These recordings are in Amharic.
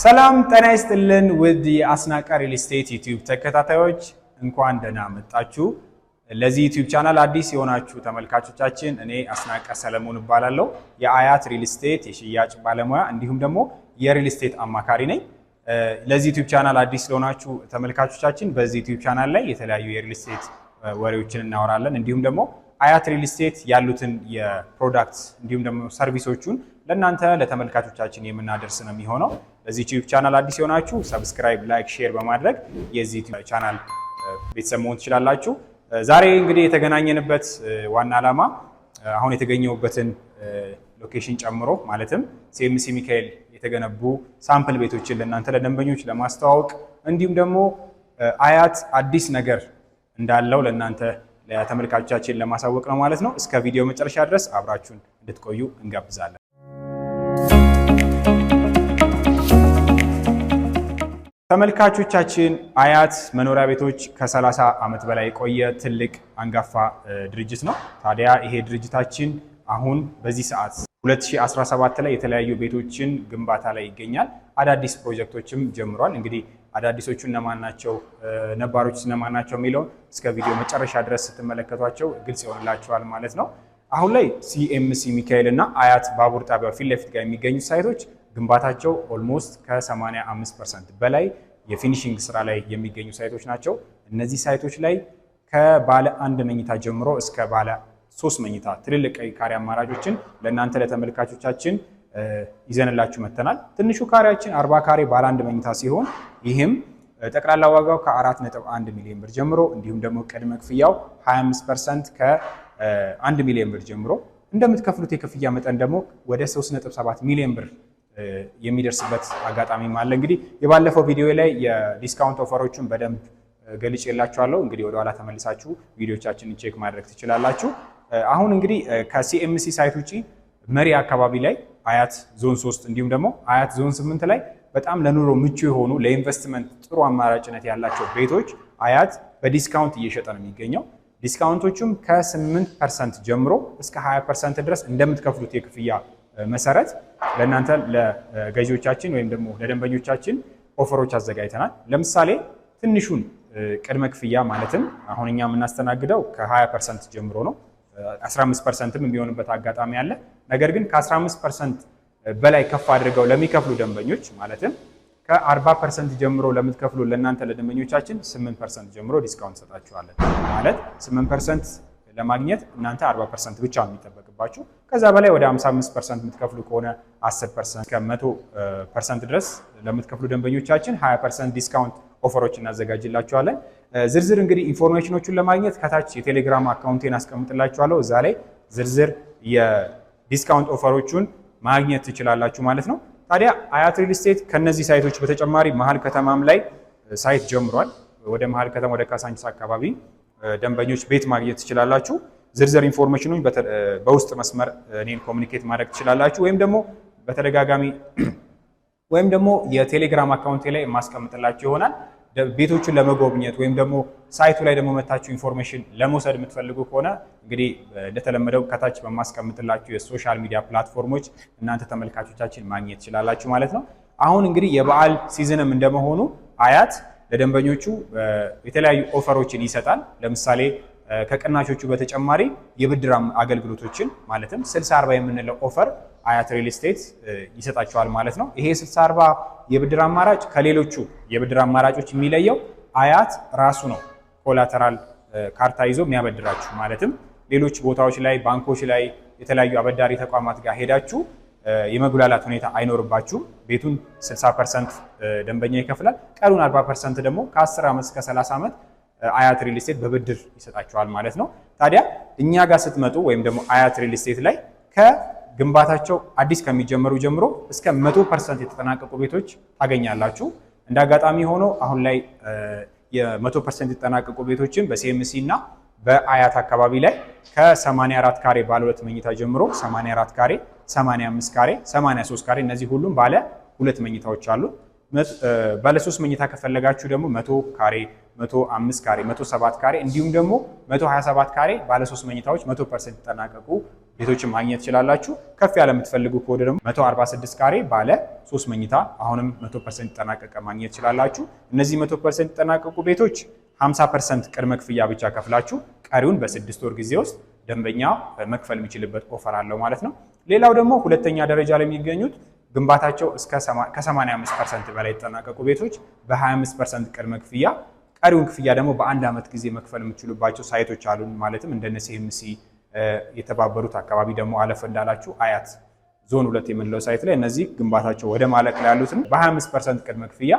ሰላም ጤና ይስጥልን ውድ የአስናቀ ሪል ስቴት ዩቲዩብ ተከታታዮች እንኳን ደህና መጣችሁ። ለዚህ ዩቲዩብ ቻናል አዲስ የሆናችሁ ተመልካቾቻችን እኔ አስናቀ ሰለሞን እባላለሁ። የአያት ሪል ስቴት የሽያጭ ባለሙያ እንዲሁም ደግሞ የሪል ስቴት አማካሪ ነኝ። ለዚህ ዩቲዩብ ቻናል አዲስ ለሆናችሁ ተመልካቾቻችን በዚህ ዩቲዩብ ቻናል ላይ የተለያዩ የሪል ስቴት ወሬዎችን እናወራለን። እንዲሁም ደግሞ አያት ሪል ስቴት ያሉትን የፕሮዳክት እንዲሁም ደግሞ ሰርቪሶቹን ለእናንተ ለተመልካቾቻችን የምናደርስ ነው የሚሆነው። ለዚህ ዩቲዩብ ቻናል አዲስ የሆናችሁ ሰብስክራይብ፣ ላይክ፣ ሼር በማድረግ የዚህ ቻናል ቤተሰብ መሆን ትችላላችሁ። ዛሬ እንግዲህ የተገናኘንበት ዋና ዓላማ አሁን የተገኘውበትን ሎኬሽን ጨምሮ ማለትም ሲኤምሲ ሚካኤል የተገነቡ ሳምፕል ቤቶችን ለእናንተ ለደንበኞች ለማስተዋወቅ እንዲሁም ደግሞ አያት አዲስ ነገር እንዳለው ለእናንተ ለተመልካቾቻችን ለማሳወቅ ነው ማለት ነው። እስከ ቪዲዮ መጨረሻ ድረስ አብራችሁን እንድትቆዩ እንጋብዛለን። ተመልካቾቻችን አያት መኖሪያ ቤቶች ከ30 ዓመት በላይ የቆየ ትልቅ አንጋፋ ድርጅት ነው። ታዲያ ይሄ ድርጅታችን አሁን በዚህ ሰዓት 2017 ላይ የተለያዩ ቤቶችን ግንባታ ላይ ይገኛል። አዳዲስ ፕሮጀክቶችም ጀምሯል። እንግዲህ አዳዲሶቹ እነማን ናቸው፣ ነባሮች እነማን ናቸው የሚለውን እስከ ቪዲዮ መጨረሻ ድረስ ስትመለከቷቸው ግልጽ ይሆንላቸዋል ማለት ነው። አሁን ላይ ሲኤምሲ ሚካኤል እና አያት ባቡር ጣቢያው ፊት ለፊት ጋር የሚገኙ ሳይቶች ግንባታቸው ኦልሞስት ከ85 ፐርሰንት በላይ የፊኒሽንግ ስራ ላይ የሚገኙ ሳይቶች ናቸው። እነዚህ ሳይቶች ላይ ከባለ አንድ መኝታ ጀምሮ እስከ ባለ ሶስት መኝታ ትልልቅ ቀይ ካሬ አማራጮችን ለእናንተ ለተመልካቾቻችን ይዘንላችሁ መጥተናል። ትንሹ ካሬያችን አርባ ካሬ ባለ አንድ መኝታ ሲሆን ይህም ጠቅላላ ዋጋው ከ4.1 ሚሊዮን ብር ጀምሮ እንዲሁም ደግሞ ቅድመ ክፍያው 25% ከ1 ሚሊዮን ብር ጀምሮ እንደምትከፍሉት የክፍያ መጠን ደግሞ ወደ 3.7 ሚሊዮን ብር የሚደርስበት አጋጣሚም አለ። እንግዲህ የባለፈው ቪዲዮ ላይ የዲስካውንት ኦፈሮቹን በደንብ ገልጭ የላችኋለሁ። እንግዲህ ወደኋላ ተመልሳችሁ ቪዲዮቻችንን ቼክ ማድረግ ትችላላችሁ። አሁን እንግዲህ ከሲኤምሲ ሳይት ውጪ መሪ አካባቢ ላይ አያት ዞን 3 እንዲሁም ደግሞ አያት ዞን 8 ላይ በጣም ለኑሮ ምቹ የሆኑ ለኢንቨስትመንት ጥሩ አማራጭነት ያላቸው ቤቶች አያት በዲስካውንት እየሸጠ ነው የሚገኘው። ዲስካውንቶቹም ከ8 ፐርሰንት ጀምሮ እስከ 20 ፐርሰንት ድረስ እንደምትከፍሉት የክፍያ መሰረት ለእናንተ ለገዢዎቻችን ወይም ደግሞ ለደንበኞቻችን ኦፈሮች አዘጋጅተናል። ለምሳሌ ትንሹን ቅድመ ክፍያ ማለትም አሁን እኛ የምናስተናግደው ከ20 ፐርሰንት ጀምሮ ነው። 15 ፐርሰንትም የሚሆንበት አጋጣሚ አለ። ነገር ግን ከ15 ፐርሰንት በላይ ከፍ አድርገው ለሚከፍሉ ደንበኞች ማለትም ከ40 ፐርሰንት ጀምሮ ለምትከፍሉ ለእናንተ ለደንበኞቻችን 8 ፐርሰንት ጀምሮ ዲስካውንት ሰጣችኋለን ማለት 8 ፐርሰንት ለማግኘት እናንተ 40 ፐርሰንት ብቻ ነው የሚጠበቅባችሁ። ከዛ በላይ ወደ 55 ፐርሰንት የምትከፍሉ ከሆነ 10 ፐርሰንት 100 ፐርሰንት ድረስ ለምትከፍሉ ደንበኞቻችን 20 ፐርሰንት ዲስካውንት ኦፈሮች እናዘጋጅላችኋለን። ዝርዝር እንግዲህ ኢንፎርሜሽኖቹን ለማግኘት ከታች የቴሌግራም አካውንቴን አስቀምጥላችኋለሁ። እዛ ላይ ዝርዝር የዲስካውንት ኦፈሮቹን ማግኘት ትችላላችሁ ማለት ነው። ታዲያ አያት ሪል ስቴት ከነዚህ ሳይቶች በተጨማሪ መሀል ከተማም ላይ ሳይት ጀምሯል። ወደ መሀል ከተማ ወደ ካሳንቺስ አካባቢ ደንበኞች ቤት ማግኘት ትችላላችሁ። ዝርዝር ኢንፎርሜሽኑን በውስጥ መስመር እኔን ኮሚኒኬት ማድረግ ትችላላችሁ ወይም ደግሞ በተደጋጋሚ ወይም ደግሞ የቴሌግራም አካውንቴ ላይ የማስቀምጥላችሁ ይሆናል። ቤቶቹን ለመጎብኘት ወይም ደግሞ ሳይቱ ላይ ደግሞ መታችሁ ኢንፎርሜሽን ለመውሰድ የምትፈልጉ ከሆነ እንግዲህ እንደተለመደው ከታች በማስቀምጥላችሁ የሶሻል ሚዲያ ፕላትፎርሞች እናንተ ተመልካቾቻችን ማግኘት ትችላላችሁ ማለት ነው። አሁን እንግዲህ የበዓል ሲዝንም እንደመሆኑ አያት ለደንበኞቹ የተለያዩ ኦፈሮችን ይሰጣል። ለምሳሌ ከቅናሾቹ በተጨማሪ የብድር አገልግሎቶችን ማለትም 60 40 የምንለው ኦፈር አያት ሪል ስቴት ይሰጣቸዋል ማለት ነው። ይሄ 60 40 የብድር አማራጭ ከሌሎቹ የብድር አማራጮች የሚለየው አያት ራሱ ነው ኮላተራል ካርታ ይዞ የሚያበድራችሁ ማለትም ሌሎች ቦታዎች ላይ ባንኮች ላይ የተለያዩ አበዳሪ ተቋማት ጋር ሄዳችሁ የመጉላላት ሁኔታ አይኖርባችሁም። ቤቱን 60 ፐርሰንት ደንበኛ ይከፍላል። ቀሩን 40 ፐርሰንት ደግሞ ከ10 ዓመት እስከ 30 ዓመት አያት ሪል ስቴት በብድር ይሰጣችኋል ማለት ነው። ታዲያ እኛ ጋር ስትመጡ ወይም ደግሞ አያት ሪል ስቴት ላይ ከግንባታቸው አዲስ ከሚጀመሩ ጀምሮ እስከ 100 ፐርሰንት የተጠናቀቁ ቤቶች ታገኛላችሁ። እንደ አጋጣሚ ሆኖ አሁን ላይ የ100 ፐርሰንት የተጠናቀቁ ቤቶችን በሲኤምሲ እና በአያት አካባቢ ላይ ከ84 ካሬ ባለሁለት መኝታ ጀምሮ 84 ካሬ 85 ካሬ፣ 83 ካሬ እነዚህ ሁሉም ባለ ሁለት መኝታዎች አሉ። ባለ ሶስት መኝታ ከፈለጋችሁ ደግሞ 100 ካሬ፣ 105 ካሬ፣ 107 ካሬ እንዲሁም ደግሞ 127 ካሬ ባለ ሶስት መኝታዎች 100% የተጠናቀቁ ቤቶችን ማግኘት ትችላላችሁ። ከፍ ያለ የምትፈልጉ ከሆነ ደግሞ 146 ካሬ ባለ ሶስት መኝታ አሁንም 100% የተጠናቀቀ ማግኘት ትችላላችሁ። እነዚህ 100% የተጠናቀቁ ቤቶች 50% ቅድመ ክፍያ ብቻ ከፍላችሁ ቀሪውን በስድስት ወር ጊዜ ውስጥ ደንበኛ መክፈል የሚችልበት ኦፈር አለው ማለት ነው። ሌላው ደግሞ ሁለተኛ ደረጃ ላይ የሚገኙት ግንባታቸው ከ85 ፐርሰንት በላይ የተጠናቀቁ ቤቶች በ25 ፐርሰንት ቅድመ ክፍያ ቀሪውን ክፍያ ደግሞ በአንድ ዓመት ጊዜ መክፈል የምችሉባቸው ሳይቶች አሉን። ማለትም እንደነ ሲኤምሲ የተባበሩት አካባቢ ደግሞ አለፍ እንዳላችሁ አያት ዞን ሁለት የምንለው ሳይት ላይ እነዚህ ግንባታቸው ወደ ማለቅ ላይ ያሉትን በ25 ፐርሰንት ቅድመ ክፍያ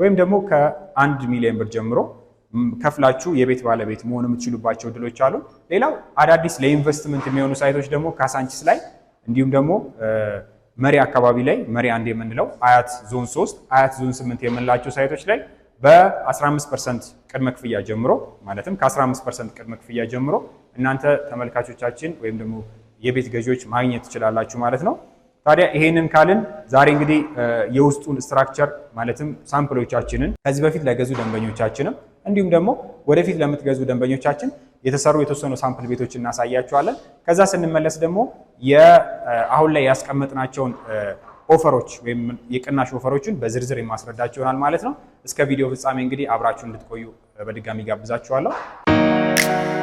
ወይም ደግሞ ከአንድ ሚሊዮን ብር ጀምሮ ከፍላችሁ የቤት ባለቤት መሆን የምትችሉባቸው እድሎች አሉ። ሌላው አዳዲስ ለኢንቨስትመንት የሚሆኑ ሳይቶች ደግሞ ካሳንቺስ ላይ እንዲሁም ደግሞ መሪ አካባቢ ላይ መሪ አንድ የምንለው አያት ዞን 3 አያት ዞን 8 የምንላቸው ሳይቶች ላይ በ15% ቅድመ ክፍያ ጀምሮ ማለትም ከ15% ቅድመ ክፍያ ጀምሮ እናንተ ተመልካቾቻችን ወይም ደግሞ የቤት ገዢዎች ማግኘት ትችላላችሁ ማለት ነው። ታዲያ ይሄንን ካልን ዛሬ እንግዲህ የውስጡን ስትራክቸር ማለትም ሳምፕሎቻችንን ከዚህ በፊት ለገዙ ደንበኞቻችንም እንዲሁም ደግሞ ወደፊት ለምትገዙ ደንበኞቻችን የተሰሩ የተወሰኑ ሳምፕል ቤቶች እናሳያቸዋለን። ከዛ ስንመለስ ደግሞ አሁን ላይ ያስቀመጥናቸውን ኦፈሮች ወይም የቅናሽ ኦፈሮችን በዝርዝር የማስረዳቸው ይሆናል ማለት ነው። እስከ ቪዲዮ ፍጻሜ እንግዲህ አብራችሁ እንድትቆዩ በድጋሚ ጋብዛችኋለሁ።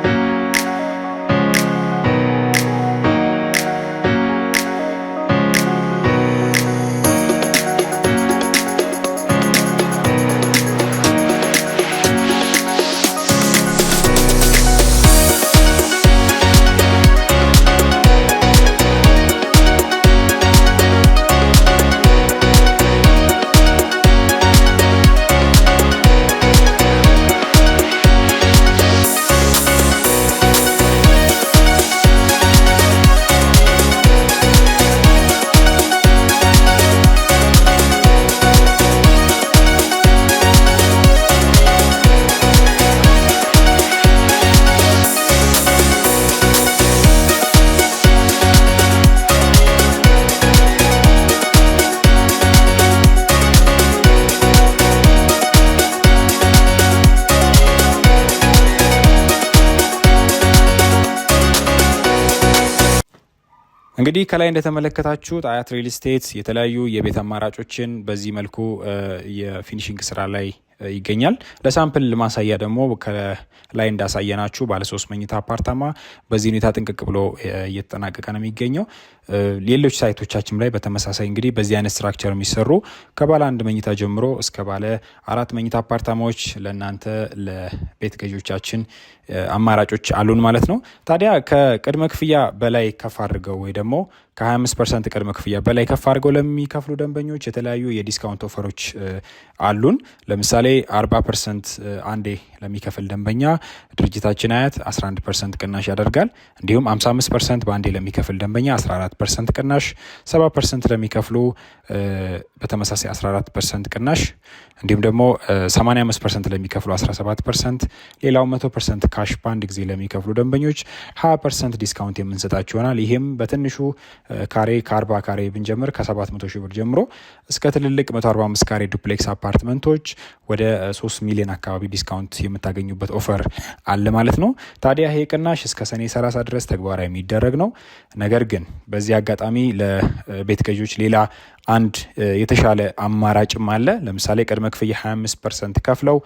እንግዲህ ከላይ እንደተመለከታችሁት አያት ሪል ስቴት የተለያዩ የቤት አማራጮችን በዚህ መልኩ የፊኒሽንግ ስራ ላይ ይገኛል። ለሳምፕል ማሳያ ደግሞ ከላይ እንዳሳየናችሁ ባለሶስት መኝታ አፓርታማ በዚህ ሁኔታ ጥንቅቅ ብሎ እየተጠናቀቀ ነው የሚገኘው። ሌሎች ሳይቶቻችን ላይ በተመሳሳይ እንግዲህ በዚህ አይነት ስትራክቸር የሚሰሩ ከባለ አንድ መኝታ ጀምሮ እስከ ባለ አራት መኝታ አፓርታማዎች ለእናንተ ለቤት ገዢዎቻችን አማራጮች አሉን ማለት ነው። ታዲያ ከቅድመ ክፍያ በላይ ከፍ አድርገው ወይ ደግሞ ከ25 ፐርሰንት ቅድመ ክፍያ በላይ ከፍ አድርገው ለሚከፍሉ ደንበኞች የተለያዩ የዲስካውንት ኦፈሮች አሉን። ለምሳሌ ለምሳሌ 40 ፐርሰንት አንዴ ለሚከፍል ደንበኛ ድርጅታችን አያት 11 ፐርሰንት ቅናሽ ያደርጋል። እንዲሁም 55 ፐርሰንት በአንዴ ለሚከፍል ደንበኛ 14 ፐርሰንት ቅናሽ፣ 70 ፐርሰንት ለሚከፍሉ በተመሳሳይ 14 ፐርሰንት ቅናሽ፣ እንዲሁም ደግሞ 85 ፐርሰንት ለሚከፍሉ 17 ፐርሰንት፣ ሌላው 100 ፐርሰንት ካሽ በአንድ ጊዜ ለሚከፍሉ ደንበኞች 20 ፐርሰንት ዲስካውንት የምንሰጣቸው ይሆናል። ይህም በትንሹ ካሬ ከ40 ካሬ ብንጀምር ከ700 ሺህ ብር ጀምሮ እስከ ትልልቅ 145 ካሬ ዱፕሌክስ አፓርትመንቶች ወ ወደ ሶስት ሚሊዮን አካባቢ ዲስካውንት የምታገኙበት ኦፈር አለ ማለት ነው። ታዲያ ይሄ ቅናሽ እስከ ሰኔ 30 ድረስ ተግባራዊ የሚደረግ ነው። ነገር ግን በዚህ አጋጣሚ ለቤት ገዢዎች ሌላ አንድ የተሻለ አማራጭም አለ። ለምሳሌ ቅድመ ክፍያ 25 ፐርሰንት ከፍለው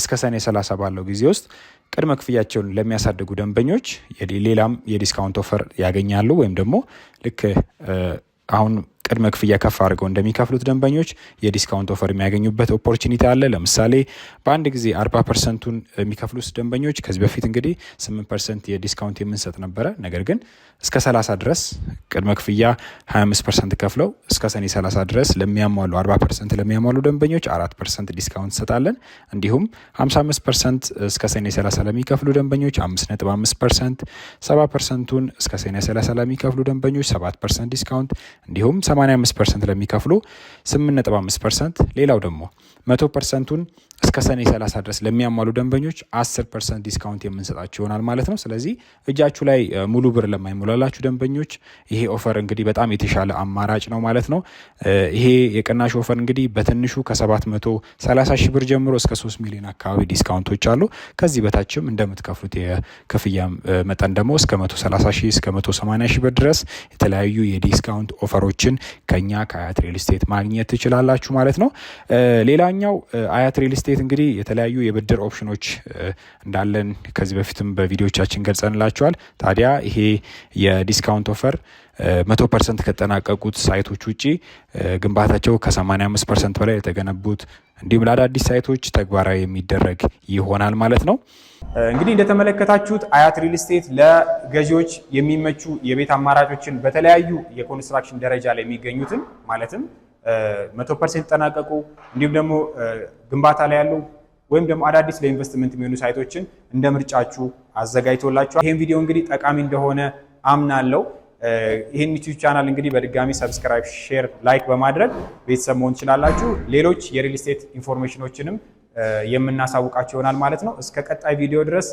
እስከ ሰኔ 30 ባለው ጊዜ ውስጥ ቅድመ ክፍያቸውን ለሚያሳድጉ ደንበኞች ሌላም የዲስካውንት ኦፈር ያገኛሉ ወይም ደግሞ ልክ አሁን ቅድመ ክፍያ ከፍ አድርገው እንደሚከፍሉት ደንበኞች የዲስካውንት ኦፈር የሚያገኙበት ኦፖርቹኒቲ አለ። ለምሳሌ በአንድ ጊዜ አርባ ፐርሰንቱን የሚከፍሉት ደንበኞች ከዚህ በፊት እንግዲህ ስምንት ፐርሰንት የዲስካውንት የምንሰጥ ነበረ። ነገር ግን እስከ ሰላሳ ድረስ ቅድመ ክፍያ ሀያ አምስት ፐርሰንት ከፍለው እስከ ሰኔ ሰላሳ ድረስ ለሚያሟሉ አርባ ፐርሰንት ለሚያሟሉ ደንበኞች አራት ፐርሰንት ዲስካውንት እንሰጣለን። እንዲሁም ሀምሳ አምስት ፐርሰንት እስከ ሰኔ ሰላሳ ለሚከፍሉ ደንበኞች አምስት ነጥብ አምስት ፐርሰንት ሰባ ፐርሰንቱን እስከ ሰኔ ሰላሳ ለሚከፍሉ ደንበኞች ሰባት ፐርሰንት ዲስካውንት እንዲሁም 85 ፐርሰንት ለሚከፍሉ 8.5 ፐርሰንት ሌላው ደግሞ መቶ ፐርሰንቱን እስከ ሰኔ 30 ድረስ ለሚያሟሉ ደንበኞች 10 ፐርሰንት ዲስካውንት የምንሰጣቸው ይሆናል ማለት ነው። ስለዚህ እጃችሁ ላይ ሙሉ ብር ለማይሞላላችሁ ደንበኞች ይሄ ኦፈር እንግዲህ በጣም የተሻለ አማራጭ ነው ማለት ነው። ይሄ የቅናሽ ኦፈር እንግዲህ በትንሹ ከ730 ሺህ ብር ጀምሮ እስከ 3 ሚሊዮን አካባቢ ዲስካውንቶች አሉ። ከዚህ በታችም እንደምትከፍሉት የክፍያ መጠን ደግሞ እስከ 130 ሺህ እስከ 180 ሺህ ብር ድረስ የተለያዩ የዲስካውንት ኦፈሮችን ከኛ ከአያት ሪል ስቴት ማግኘት ትችላላችሁ ማለት ነው። ሌላኛው አያት ሪል ስቴት ስቴት እንግዲህ የተለያዩ የብድር ኦፕሽኖች እንዳለን ከዚህ በፊትም በቪዲዮቻችን ገልጸንላቸዋል። ታዲያ ይሄ የዲስካውንት ኦፈር መቶ ፐርሰንት ከጠናቀቁት ሳይቶች ውጪ ግንባታቸው ከ85 ፐርሰንት በላይ የተገነቡት እንዲሁም ለአዳዲስ ሳይቶች ተግባራዊ የሚደረግ ይሆናል ማለት ነው። እንግዲህ እንደተመለከታችሁት አያት ሪል ስቴት ለገዢዎች የሚመቹ የቤት አማራጮችን በተለያዩ የኮንስትራክሽን ደረጃ ላይ የሚገኙትን ማለትም መቶ ፐርሰንት ተጠናቀቁ እንዲሁም ደግሞ ግንባታ ላይ ያሉ ወይም ደግሞ አዳዲስ ለኢንቨስትመንት የሚሆኑ ሳይቶችን እንደ ምርጫችሁ አዘጋጅቶላችኋል። ይህን ቪዲዮ እንግዲህ ጠቃሚ እንደሆነ አምናለሁ። ይህን ዩቲዩብ ቻናል እንግዲህ በድጋሚ ሰብስክራይብ፣ ሼር፣ ላይክ በማድረግ ቤተሰብ መሆን ትችላላችሁ። ሌሎች የሪል ስቴት ኢንፎርሜሽኖችንም የምናሳውቃችሁ ይሆናል ማለት ነው። እስከ ቀጣይ ቪዲዮ ድረስ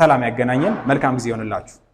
ሰላም ያገናኘን። መልካም ጊዜ ይሆንላችሁ።